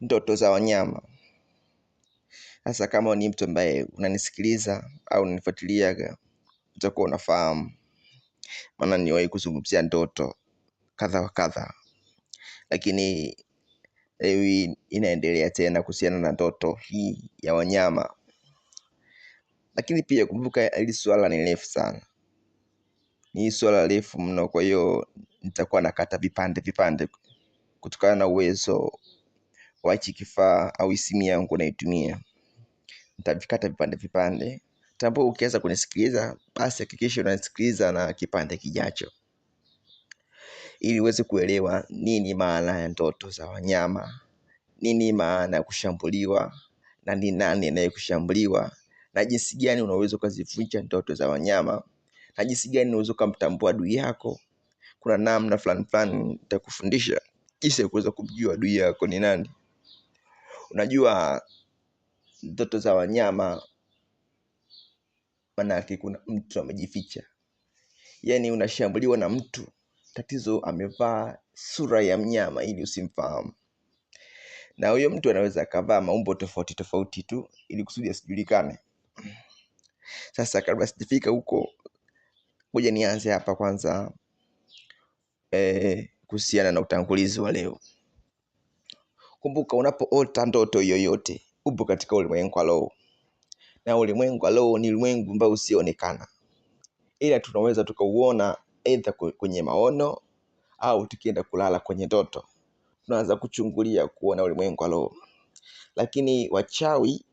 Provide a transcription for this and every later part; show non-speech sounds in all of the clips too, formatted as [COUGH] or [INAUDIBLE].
ndoto za wanyama. Sasa kama ni mtu ambaye unanisikiliza au unanifuatilia, utakuwa unafahamu, maana niwahi kuzungumzia ndoto kadha wa kadha, lakini hii inaendelea tena kuhusiana na ndoto hii ya wanyama. Lakini pia kumbuka, hili swala ni refu sana, ni swala refu mno, kwa hiyo nitakuwa nakata vipande vipande kutokana na uwezo wa hichi kifaa au simu yangu naitumia. Nitavikata vipande vipande, Tambo, ukianza kunisikiliza, basi hakikisha unanisikiliza na kipande kijacho, ili uweze kuelewa nini maana ya ndoto za wanyama, nini maana ya kushambuliwa na ni nani anayekushambuliwa, na jinsi gani unaweza ukazivunja ndoto za wanyama, na jinsi gani unaweza ukamtambua adui yako. Kuna namna fulani fulani nitakufundisha jinsi ya kuweza kumjua adui yako ni nani. Unajua ndoto za wanyama, manake kuna mtu amejificha, yaani unashambuliwa na mtu, tatizo amevaa sura ya mnyama ili usimfahamu, na huyo mtu anaweza akavaa maumbo tofauti tofauti tu ili kusudi asijulikane. Sasa kabla sijafika huko, moja nianze hapa kwanza eh, kuhusiana na utangulizi wa leo. Kumbuka, unapoota ndoto yoyote, upo katika ulimwengu wa roho, na ulimwengu wa roho ni ulimwengu ambao usioonekana, ila tunaweza tukauona aidha kwenye maono au tukienda kulala kwenye ndoto, tunaanza kuchungulia kuona ulimwengu wa roho. Lakini wachawi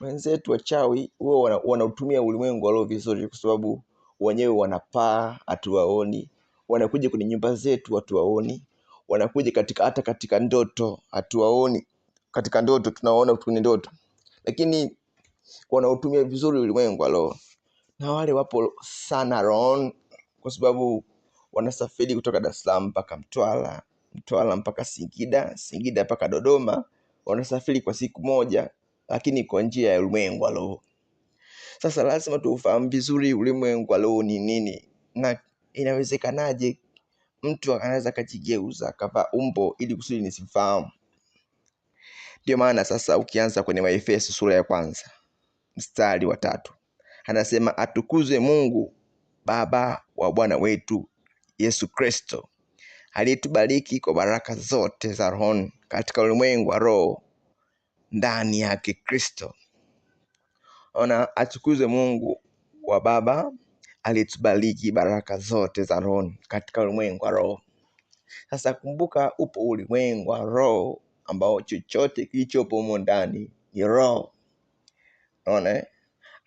wenzetu, wachawi huwa wanautumia ulimwengu wa roho vizuri, kwa sababu wenyewe wanapaa hatuwaoni, wanakuja kwenye nyumba zetu hatuwaoni, wanakuja katika hata katika ndoto hatuwaoni katika ndoto tunaona kwenye ndoto lakini wanaotumia vizuri ulimwengu alo na wale wapo sana ron kwa sababu wanasafiri kutoka dar es salaam mpaka mtwara mtwara mpaka singida singida mpaka dodoma wanasafiri kwa siku moja lakini kwa njia ya ulimwengu alo sasa lazima tuufahamu vizuri ulimwengu alo ni nini na inawezekanaje mtu anaweza akajigeuza akavaa umbo ili kusudi nisimfahamu. Ndio maana sasa ukianza kwenye Waefeso sura ya kwanza mstari wa tatu anasema atukuze Mungu Baba wa Bwana wetu Yesu Kristo aliyetubariki kwa baraka zote za rohoni katika ulimwengu wa roho ndani yake Kristo. Ona, atukuzwe Mungu wa Baba alitubariki baraka zote za roho katika ulimwengu wa roho. Sasa kumbuka, upo ulimwengu wa roho ambao chochote kilichopo humo ndani ni roho. Unaona, eh?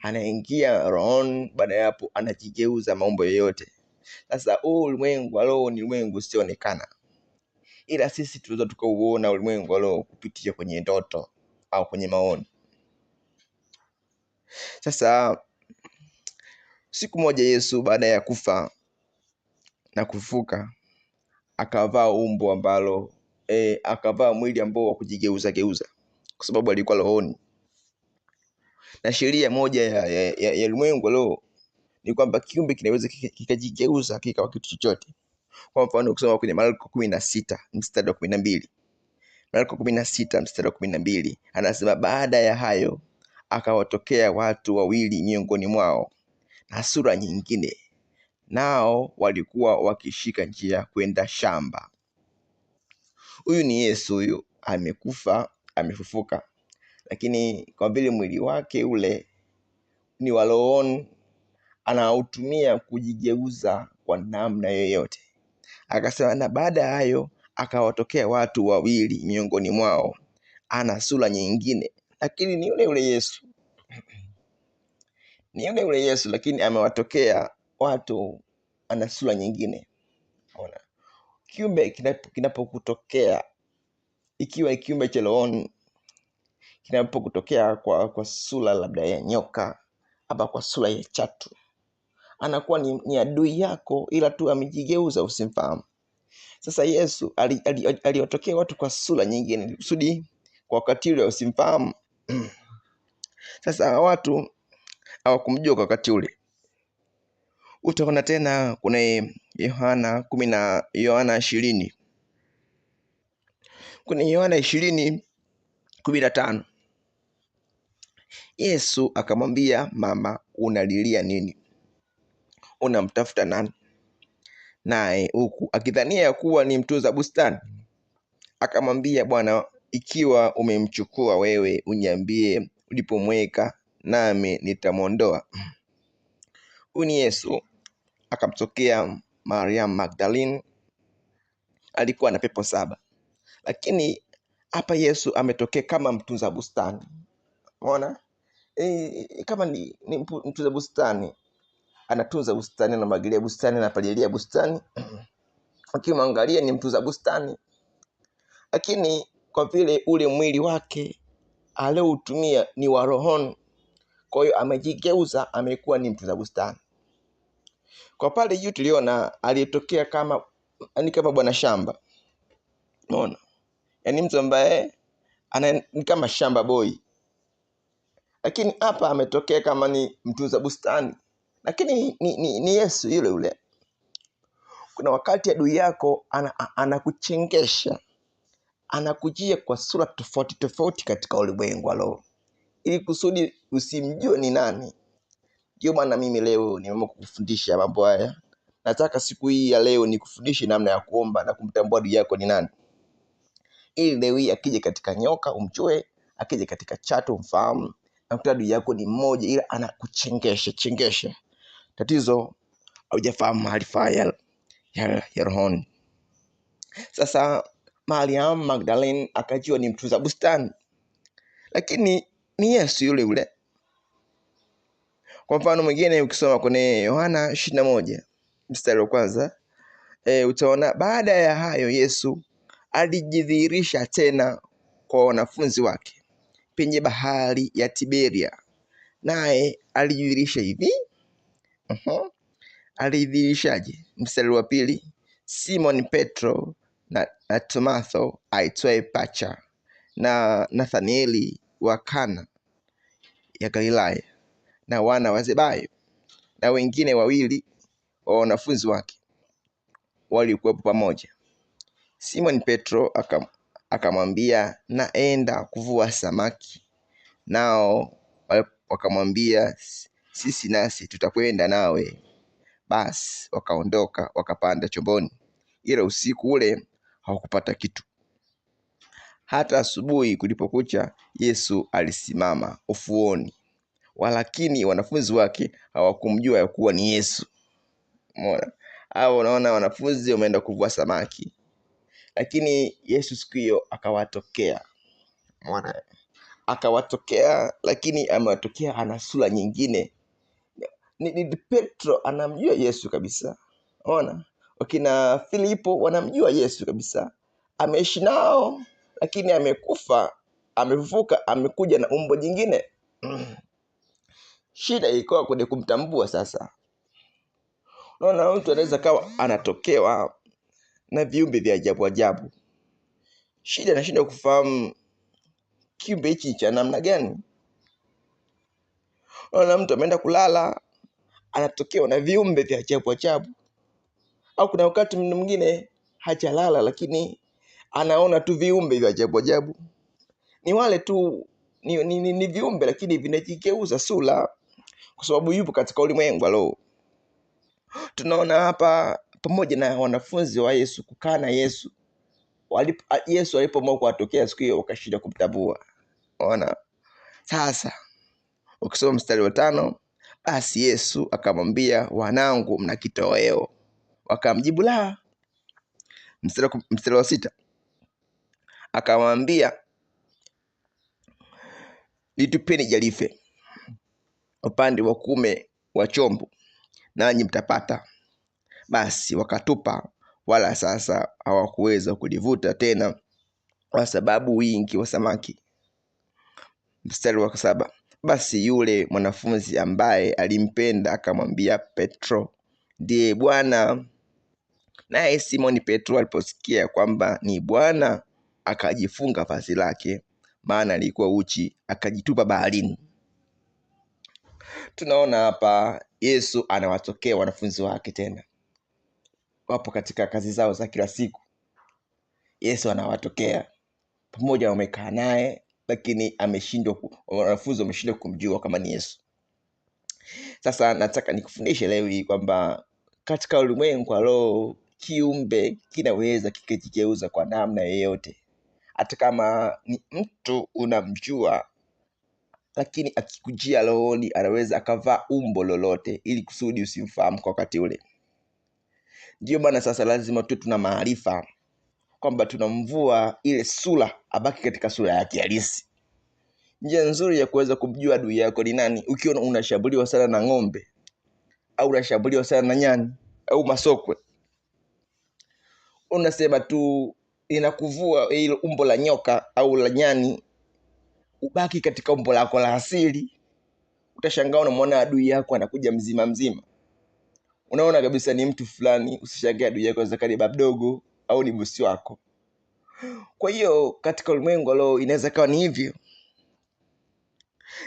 anaingia rohoni, baada ya hapo anajigeuza maumbo yoyote. Sasa huu ulimwengu wa roho ni ulimwengu usioonekana, ila sisi tunaweza tukauona ulimwengu wa roho kupitia kwenye ndoto au kwenye maoni. Sasa Siku moja Yesu baada ya kufa na kufufuka akavaa umbo ambalo e, akavaa mwili ambao wa kujigeuza geuza, kwa sababu alikuwa rohoni. Na sheria moja ya, ya, ya, ya ulimwengu leo ni kwamba kiumbe kinaweza kikajigeuza kikawa kitu chochote. Kwa mfano ukisoma kwenye Marko kumi na sita mstari wa kumi na mbili Marko kumi na sita mstari wa kumi na mbili anasema baada ya hayo akawatokea watu wawili miongoni mwao na sura nyingine, nao walikuwa wakishika njia kwenda shamba. Huyu ni Yesu, huyu amekufa, amefufuka, lakini kwa vile mwili wake ule ni wa rohoni, anautumia kujigeuza kwa namna yoyote. Akasema, na baada ya hayo akawatokea watu wawili miongoni mwao, ana sura nyingine, lakini ni yule yule Yesu ni yule yule Yesu, lakini amewatokea watu ana sura nyingine. Ona kiumbe kinapokutokea ikiwa kiumbe cha rohoni kinapokutokea kwa, kwa sura labda ya nyoka ama kwa sura ya chatu, anakuwa ni, ni adui yako, ila tu amejigeuza usimfahamu. Sasa Yesu aliwatokea ali, ali watu kwa sura nyingine kusudi kwa wakati ule usimfahamu. [CLEARS THROAT] Sasa watu hawakumjua kwa wakati ule. Utaona tena kuna Yohana kumi na Yohana ishirini kuna Yohana ishirini kumi na tano Yesu akamwambia mama, unalilia nini? Unamtafuta nani? Naye huku akidhania ya kuwa ni mtunza bustani, akamwambia Bwana, ikiwa umemchukua wewe, uniambie ulipomweka nami nitamwondoa. Huyu ni Yesu akamtokea Mariam Magdalene, alikuwa na pepo saba. Lakini hapa Yesu ametokea kama mtunza bustani, umeona e, kama ni, ni mtunza bustani, anatunza bustani, anamwagilia bustani, anapalilia bustani akimwangalia ni mtunza bustani, lakini kwa vile ule mwili wake alioutumia ni wa rohoni kwa hiyo amejigeuza, amekuwa ni mtunza bustani. Kwa pale juu tuliona aliyetokea kama ni yaani kama bwana shamba, unaona, yaani mtu ambaye ana ni kama shamba boy, lakini hapa ametokea kama ni mtunza bustani, lakini ni, ni, ni Yesu yule yule. Kuna wakati adui yako anakuchengesha ana anakujia kwa sura tofauti tofauti katika ulimwengu wa roho ili kusudi usimjue ni nani. Ndio maana mimi leo nimeamua kukufundisha mambo haya. Nataka siku hii ya leo nikufundishe namna ya kuomba na kumtambua adui yako ni nani, ili leo hii akija katika nyoka umjue, akije katika chatu umfahamu, na nakuta adui yako ni mmoja, ila anakuchengesha chengesha. Tatizo haujafahamu maarifa ya, ya, ya rohoni. Sasa Mariam Magdalene akajua ni mtunza bustani, lakini ni Yesu yule yule. Kwa mfano mwingine ukisoma kwenye Yohana ishirini na moja mstari wa kwanza e, utaona baada ya hayo Yesu alijidhihirisha tena kwa wanafunzi wake penye bahari ya Tiberia, naye alijidhihirisha hivi uh -huh. Alidhihirishaje? Mstari wa pili, Simon Petro na, na Tomatho aitwaye Pacha na Nathanieli wa Kana ya Galilaya na wana wa Zebayo na wengine wawili wa wanafunzi wake walikuwepo pamoja. simon Petro akamwambia, naenda kuvua samaki. Nao wakamwambia, sisi nasi tutakwenda nawe. Basi wakaondoka wakapanda chomboni, ila usiku ule hawakupata kitu. Hata asubuhi kulipokucha, Yesu alisimama ufuoni, walakini wanafunzi wake hawakumjua ya kuwa ni Yesu. Umeona? hao, unaona, wanafunzi wameenda kuvua samaki, lakini Yesu siku hiyo akawatokea. Umeona? Akawatokea, lakini amewatokea ana sura nyingine. Ni, ni Petro anamjua Yesu kabisa. Umeona? Wakina Filipo wanamjua Yesu kabisa, ameishi nao lakini amekufa, amefufuka, amekuja na umbo jingine. Shida ilikuwa kwenye kumtambua. Sasa unaona, mtu anaweza kawa anatokewa na viumbe vya ajabu ajabu, shida anashinda kufahamu kiumbe hichi cha namna gani. Unaona, mtu ameenda kulala, anatokewa na viumbe vya ajabu ajabu. Au kuna wakati mtu mwingine hajalala, lakini anaona tu viumbe vya ajabu ajabu, ni wale tu ni, ni, ni, ni viumbe lakini vinajigeuza sura, kwa sababu yupo katika ulimwengu alo. Tunaona hapa pamoja na wanafunzi wa Yesu kukaa na Yesu walipo, Yesu alipoamua kuwatokea siku hiyo wakashinda kumtambua. Ona sasa, ukisoma mstari wa tano, basi Yesu akamwambia wanangu, mna kitoweo? Wakamjibu la. Mstari wa sita akawaambia, litupeni jarife upande wa kume wa chombo, nanyi mtapata. Basi wakatupa, wala sasa hawakuweza kulivuta tena kwa sababu wingi wa samaki. Mstari wa saba. Basi yule mwanafunzi ambaye alimpenda akamwambia Petro, ndiye Bwana. Naye Simoni Petro aliposikia kwamba ni Bwana akajifunga vazi lake, maana alikuwa uchi, akajitupa baharini. Tunaona hapa Yesu anawatokea wanafunzi wake, tena wapo katika kazi zao za kila siku. Yesu anawatokea pamoja, wamekaa naye, lakini ameshindwa, wanafunzi wameshindwa kumjua kama ni Yesu. Sasa nataka nikufundishe leo hii kwamba katika ulimwengu wa roho kiumbe kinaweza kikijigeuza kwa namna yeyote hata kama ni mtu unamjua lakini akikujia rohoni anaweza akavaa umbo lolote ili kusudi usimfahamu kwa wakati ule ndiyo maana sasa lazima tu tuna maarifa kwamba tunamvua ile sura abaki katika sura yake halisi njia nzuri ya kuweza kumjua adui yako ni nani ukiona unashambuliwa sana na ng'ombe au unashambuliwa sana na nyani au masokwe unasema tu inakuvua ile umbo la nyoka au la nyani, ubaki katika umbo lako la asili. Utashangaa unamwona adui yako anakuja mzima mzima, unaona kabisa ni mtu fulani. Usishangae adui yako aweza mdogo au ni bosi wako. Kwa hiyo katika ulimwengu leo inaweza kawa ni hivyo.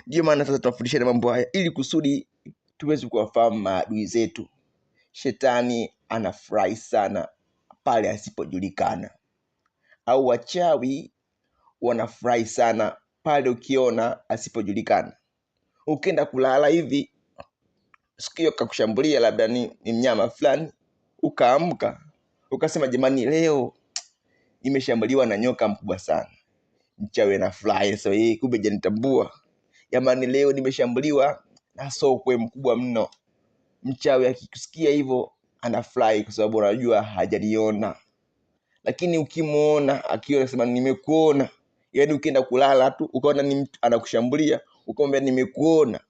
Ndiyo maana sasa tunafundishana mambo haya ili kusudi tuweze kuwafahamu maadui zetu. Shetani anafurahi sana pale asipojulikana au wachawi wanafurahi sana pale ukiona asipojulikana. Ukienda kulala hivi, sikio kakushambulia, labda ni, ni mnyama fulani, ukaamka ukasema, jamani, leo imeshambuliwa na nyoka mkubwa sana. Mchawi anafurahi so hii, kumbe janitambua. Jamani, leo nimeshambuliwa na sokwe mkubwa mno. Mchawi akikusikia hivyo anafurahi kwa sababu unajua hajaniona lakini ukimwona akiwa anasema nimekuona yaani ukienda kulala tu ukaona ni mtu anakushambulia ukamwambia nimekuona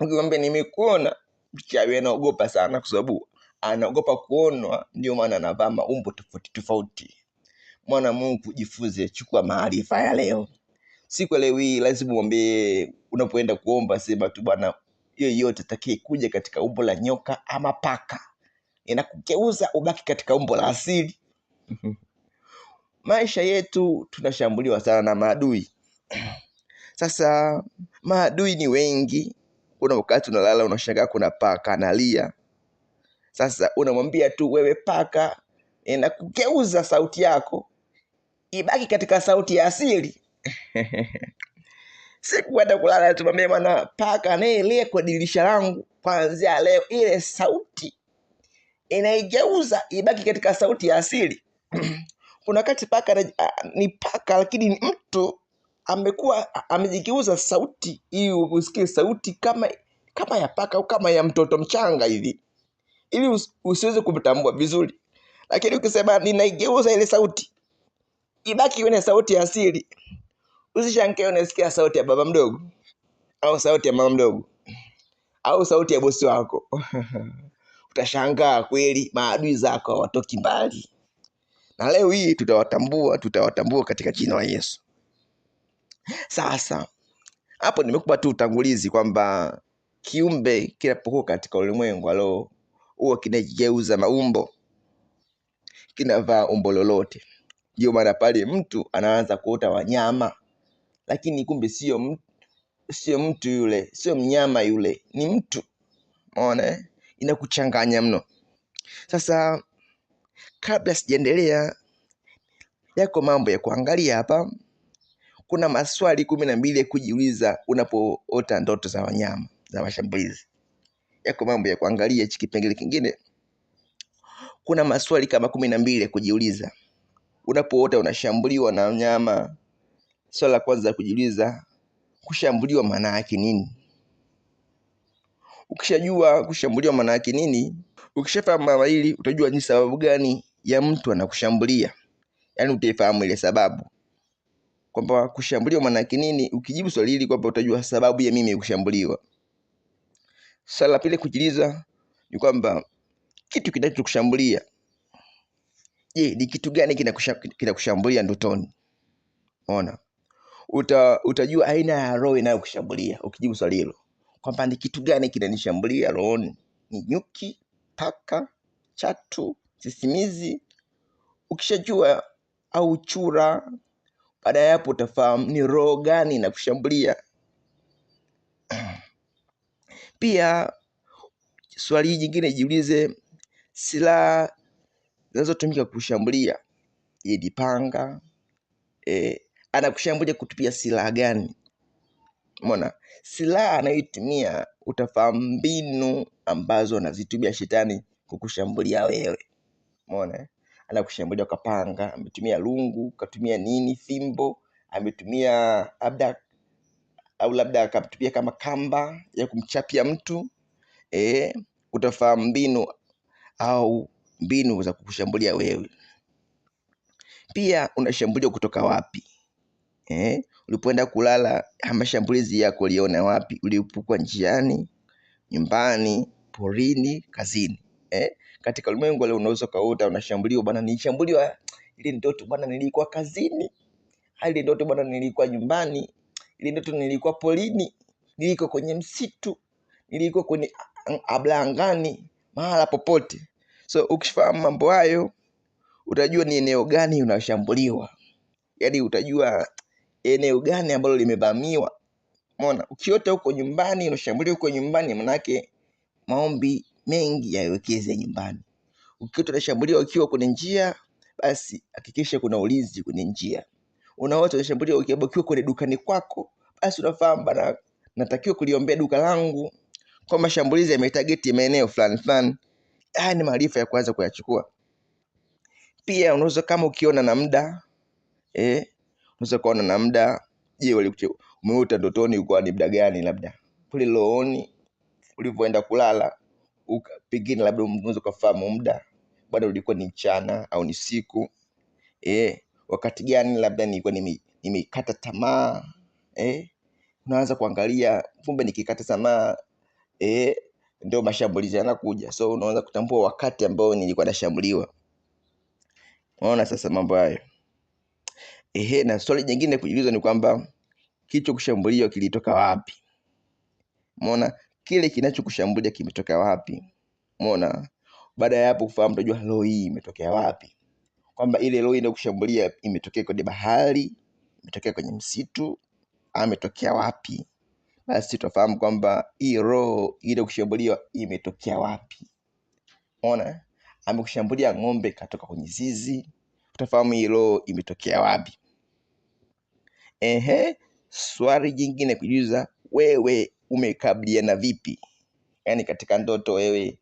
ukimwambia nimekuona mchawi anaogopa sana kwa sababu anaogopa kuonwa ndio maana anavaa maumbo tofauti tofauti mwana mungu jifunze chukua maarifa ya leo siku leo hii lazima uombee unapoenda kuomba sema tu bwana yeyote takie kuja katika umbo la nyoka ama paka inakugeuza ubaki katika umbo la asili [LAUGHS] Maisha yetu tunashambuliwa sana na maadui. [CLEARS THROAT] Sasa maadui ni wengi, kuna wakati unalala unashangaa kuna paka analia. Sasa unamwambia tu wewe paka, na kugeuza sauti yako ibaki katika sauti ya asili. [LAUGHS] Sikuenda kulala, tumwambia bwana, paka anayelia kwa dirisha langu, kwanzia leo ile sauti inaigeuza ibaki katika sauti ya asili kuna wakati paka ni paka lakini ni mtu amekuwa amejigeuza sauti ili usikie sauti kama kama ya paka au kama ya mtoto mchanga hivi ili us, usiweze kumtambua vizuri lakini ukisema ninaigeuza ile sauti ibaki kwenye sauti ya asili usishangae unasikia sauti ya baba mdogo au sauti ya mama mdogo au sauti ya bosi wako [LAUGHS] utashangaa kweli maadui zako hawatoki mbali na leo hii tutawatambua, tutawatambua katika jina la Yesu. Sasa hapo nimekupa tu utangulizi kwamba kiumbe kinapokuwa katika ulimwengu alo huwa kinajigeuza maumbo, kinavaa umbo lolote. Ndio maana pale mtu anaanza kuota wanyama, lakini kumbe sio sio mtu yule, sio mnyama yule, ni mtu. Umeona, eh? inakuchanganya mno. Sasa Kabla sijaendelea, yako mambo ya kuangalia hapa. Kuna maswali kumi na mbili ya kujiuliza unapoota ndoto za wanyama za mashambulizi. Yako mambo ya kuangalia. Hichi kipengele kingine, kuna maswali kama kumi na mbili ya kujiuliza unapoota unashambuliwa na wanyama. Swali la kwanza la kujiuliza, kushambuliwa maana yake nini? Ukishajua kushambuliwa maana yake nini, Ukishafahamu mara hili utajua ni sababu gani ya mtu anakushambulia, yaani utaifahamu ile sababu kwamba kushambuliwa maana yake nini. Ukijibu swali hili kwamba utajua sababu ya mimi kushambuliwa. Swali la pili kujiuliza ni kwamba kitu kinachokushambulia, je, ni kitu gani kinakushambulia ndotoni? Ona, uta, utajua aina ya roho inayokushambulia ukijibu swali hilo kwamba ni kitu gani kinanishambulia rohoni, ni nyuki paka, chatu, sisimizi. Ukishajua au chura, baada ya hapo utafahamu ni roho gani na kushambulia. [CLEARS THROAT] Pia swali hii jingine jiulize, silaha zinazotumika kushambulia, je, panga? E, anakushambulia kutupia silaha gani? Mona silaha anayoitumia utafahamu mbinu ambazo anazitumia shetani kukushambulia wewe. mona anakushambulia kapanga, ametumia lungu, katumia nini, fimbo, ametumia labda au labda akatumia kama kamba ya kumchapia mtu e, utafahamu mbinu au mbinu za kukushambulia wewe. Pia unashambuliwa kutoka wapi? Eh, ulipoenda kulala, mashambulizi yako uliona wapi? Ulipokuwa njiani, nyumbani, porini, kazini eh? Katika ulimwengu leo unaweza kaota unashambuliwa, bwana, nilishambuliwa ile ndoto bwana, nilikuwa kazini, ile ndoto bwana, nilikuwa nyumbani, ile ndoto nilikuwa porini, nilikuwa kwenye msitu, nilikuwa kwenye ablangani, mahala popote. So ukifahamu mambo hayo, utajua ni eneo gani unashambuliwa, yaani utajua eneo gani ambalo limevamiwa mona ukiota huko nyumbani unashambulia huko nyumbani manake maombi mengi yawekeze nyumbani ukiota unashambulia ukiwa kwenye njia basi hakikisha kuna ulinzi kwenye njia unaota unashambuliwa ukiwa kwenye dukani kwako basi unafahamu bana natakiwa kuliombea duka langu kwa mashambulizi yametageti maeneo fulani fulani haya ni maarifa ya kuanza kuyachukua pia unaweza kama ukiona na muda eh, unaweza kuona na muda. Je, umeota ndotoni ulikuwa ni muda gani? Labda kule looni ulivyoenda kulala, pengine labda unaweza ukafahamu muda bado ulikuwa ni mchana au ni siku e, eh, wakati gani labda nilikuwa nimekata tamaa e, unaanza kuangalia kumbe nikikata tamaa e, ndio mashambulizi yanakuja, so unaanza kutambua wakati ambao nilikuwa nashambuliwa. Unaona sasa mambo hayo. Ehe, na swali jingine kujiuliza ni kwamba kicho kushambuliwa kilitoka wapi? Umeona, kile kinachokushambulia kimetoka wapi? Umeona, baada ya hapo kufahamu, utajua roho hii imetokea wapi, kwamba ile roho inayokushambulia imetokea kwenye bahari, imetokea kwenye msitu, ametokea wapi? Basi tutafahamu kwamba hii roho ile kushambulia imetokea wapi. Umeona, amekushambulia ng'ombe katoka kwenye zizi, utafahamu hii roho imetokea wapi. Ehe, swali jingine kujuza wewe umekabiliana vipi? Yaani katika ndoto wewe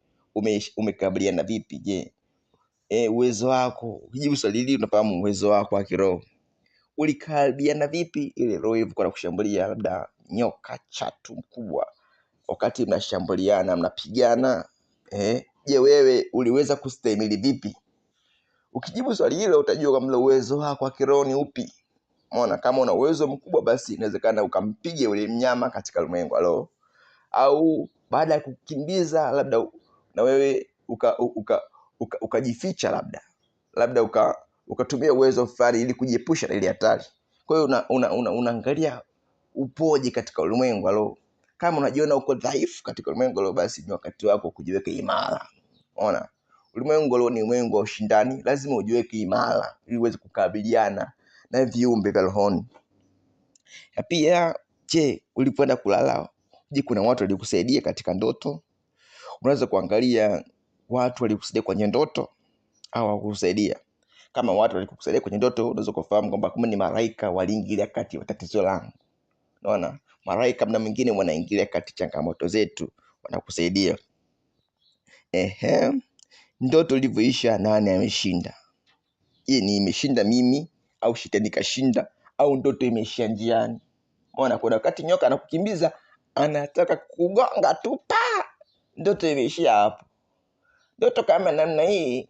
umekabiliana vipi? Je, e, uwezo wako jibu swali hili unafahamu uwezo wako wa kiroho ulikaribiana vipi ile roho ilivyokuwa nakushambulia, labda nyoka, chatu mkubwa, wakati mnashambuliana mnapigana eh? Je, wewe uliweza kustahimili vipi? Ukijibu swali hilo utajua kama uwezo wako wa kiroho ni upi. Umeona, kama una uwezo mkubwa, basi inawezekana ukampige ule mnyama katika ulimwengu alo, au baada ya kukimbiza labda na wewe ukajificha, uka, uka, uka, uka labda labda ukatumia uka uwezo fulani ili kujiepusha na ile hatari. Kwa hiyo unaangalia una, una, una upoje katika ulimwengu alo. Kama unajiona uko dhaifu katika ulimwengu alo, basi ni wakati wako kujiweka imara. Unaona, ulimwengu alo ni mwengu wa ushindani, lazima ujiweke imara ili uweze kukabiliana na viumbe vya rohoni. Na pia, je, ulipoenda kulala, je, kuna watu walikusaidia katika ndoto? Unaweza kuangalia watu walikusaidia kwenye ndoto au hawakusaidia. Kama watu walikusaidia kwenye ndoto, unaweza kufahamu kwamba kumbe ni malaika waliingilia kati ya tatizo langu. Unaona, malaika mna mwingine wanaingilia kati changamoto zetu, wanakusaidia. Ehe, ndoto ilivyoisha, nani ameshinda? Je, ni imeshinda mimi au shetani kashinda au ndoto imeishia njiani mona kuna wakati nyoka anakukimbiza anataka kugonga tu pa ndoto imeishia hapo ndoto kama namna hii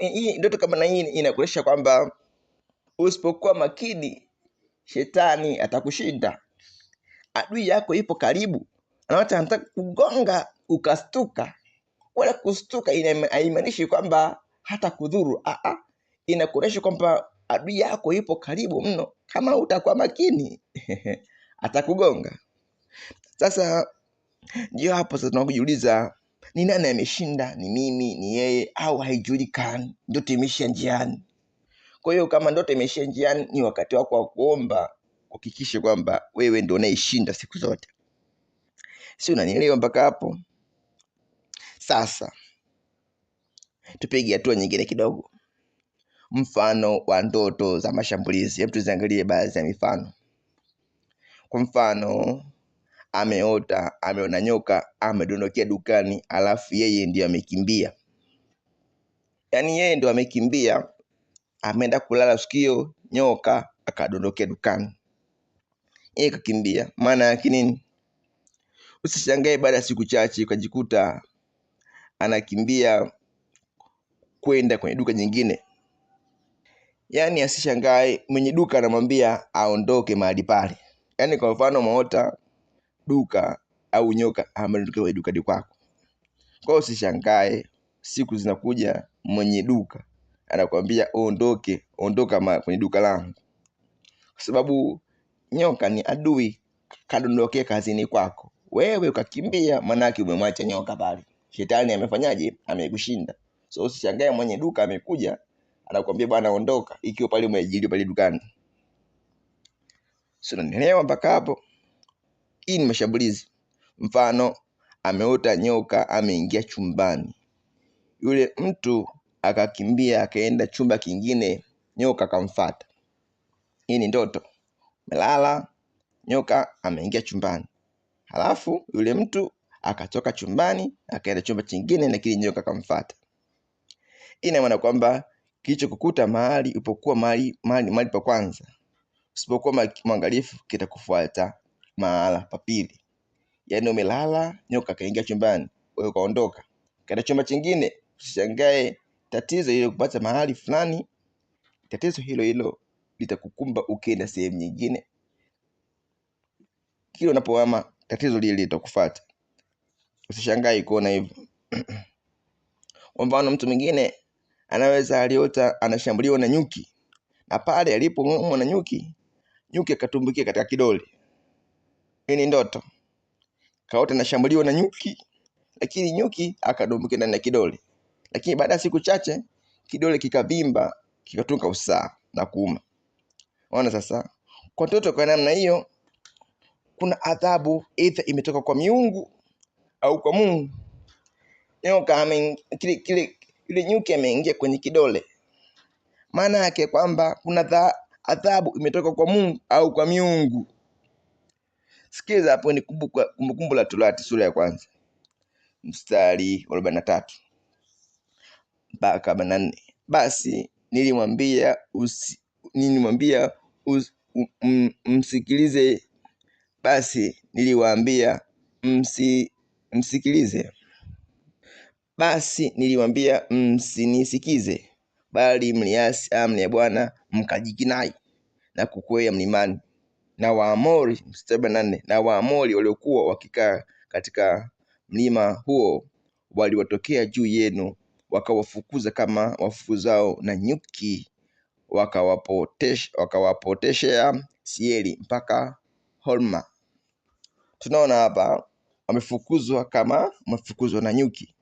hii ndoto kama na hii inakuonyesha kwamba usipokuwa makini shetani atakushinda adui yako ipo karibu anaota anataka kugonga ukastuka wala kustuka haimaanishi kwamba hata kudhuru A-a inakuonyesha kwamba adui yako ipo karibu mno kama utakuwa makini atakugonga sasa ndio hapo sasa tunakujiuliza ni nani ameshinda ni mimi ni yeye au haijulikani ndoto imeishia njiani kwa hiyo kama ndoto imeishia njiani ni wakati wako wa kuomba uhakikishe kwamba wewe ndo unayeshinda siku zote si unanielewa mpaka hapo sasa tupige hatua nyingine kidogo mfano wa ndoto za mashambulizi. Hebu tuziangalie baadhi ya mifano. Kwa mfano, ameota ameona nyoka, amedondokea dukani, alafu yeye ndiyo amekimbia. Yaani yeye ndio amekimbia, ameenda kulala sikio nyoka akadondokea dukani, yeye kakimbia. Maana yake nini? Usishangae baada ya siku chache ukajikuta anakimbia kwenda kwenye duka nyingine yaani asishangae mwenye duka anamwambia aondoke mahali pale yaani kwa mfano maota duka au nyoka ameondoka duka kwako kwa hiyo usishangae siku zinakuja mwenye duka anakuambia ondoke ondoka kwenye duka langu kwa sababu nyoka ni adui kadondokea kazini kwako wewe ukakimbia manake umemwacha nyoka pale shetani amefanyaje amekushinda so usishangae mwenye duka amekuja anakuambia bwana, ondoka, ikiwa pale umeajiri pale dukani. Sio, unanielewa mpaka hapo? Hii ni mashambulizi. Mfano, ameota nyoka ameingia chumbani, yule mtu akakimbia akaenda chumba kingine, nyoka akamfata. Hii ni ndoto. Melala, nyoka ameingia chumbani, halafu yule mtu akatoka chumbani akaenda chumba chingine, lakini nyoka akamfata. Ina maana kwamba Kilichokukuta mahali upokuwa mahali pa kwanza, usipokuwa mwangalifu kitakufuata mahala pa pili. Yaani umelala, nyoka akaingia chumbani, wewe ukaondoka kaenda chumba chingine, usishangae tatizo kupata mahali fulani, tatizo hilo hilo litakukumba ukienda sehemu nyingine. kile unapohama tatizo lile litakufuata, usishangae kuona hivyo. [CLEARS THROAT] Kwa mfano mtu mwingine anaweza aliota anashambuliwa na nyuki, na pale alipoumwa na nyuki, nyuki akatumbukia katika kidole. Hii ni ndoto, kaota anashambuliwa na nyuki, lakini nyuki akadumbukia ndani ya kidole, lakini baada ya siku chache kidole kikavimba, kikatunga usaa na kuuma. Ona sasa, kwa mtoto kwa namna hiyo, kuna adhabu aidha imetoka kwa miungu au kwa Mungu. Neno kile, kile yule nyuki ameingia kwenye kidole. Maana yake kwamba kuna adhabu imetoka kwa Mungu au kwa miungu. Sikiza hapo, ni Kumbukumbu la Torati sura ya kwanza mstari wa arobaini na tatu mpaka arobaini na nne Basi nilimwambia usi, nilimwambia um, um, msikilize. Basi niliwaambia msi, msikilize basi niliwambia msinisikize, bali mliasi amri ah, ya Bwana mkajikinai na kukwea mlimani na Waamori. Mstari nane, na Waamori waliokuwa wakikaa katika mlima huo waliwatokea juu yenu, wakawafukuza kama wafukuzao na nyuki, wakawapotesha wakawapoteshea Sieli mpaka Holma. Tunaona hapa wamefukuzwa kama wamefukuzwa na nyuki.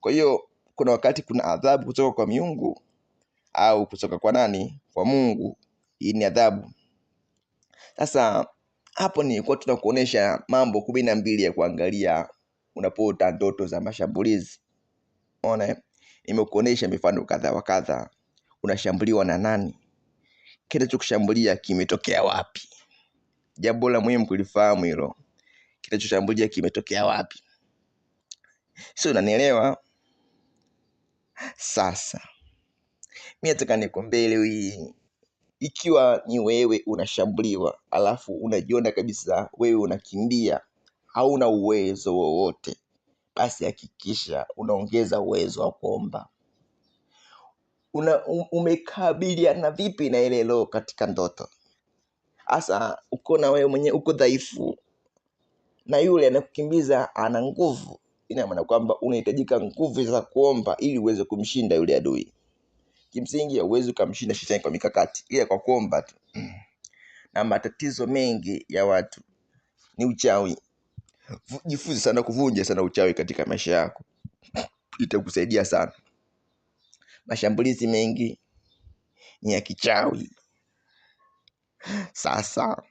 Kwa hiyo kuna wakati kuna adhabu kutoka kwa miungu au kutoka kwa nani? Kwa Mungu. Hii ni adhabu. Sasa hapo nilikuwa tunakuonesha mambo kumi na mbili ya kuangalia unapoota ndoto za mashambulizi. Ona, imekuonyesha mifano kadha wa kadha. Unashambuliwa na nani? Kinachokushambulia kimetokea wapi? Jambo la muhimu kulifahamu hilo, kinachoshambulia kimetokea wapi? Sio, unanielewa? Sasa mi nataka nikwambie leo hii, ikiwa ni wewe unashambuliwa, alafu unajiona kabisa wewe unakimbia, hauna uwezo wowote, basi hakikisha unaongeza uwezo wa kuomba. Una, um, umekabiliana vipi na ile roho katika ndoto? Hasa uko na wewe mwenyewe uko dhaifu, na yule anakukimbiza ana nguvu ina maana kwamba unahitajika nguvu za kuomba ili uweze kumshinda yule adui. Kimsingi hauwezi ukamshinda shetani kwa mikakati, ila kwa kuomba tu. Na matatizo mengi ya watu ni uchawi. Jifunze sana kuvunja sana uchawi katika maisha yako, itakusaidia sana. Mashambulizi mengi ni ya kichawi. Sasa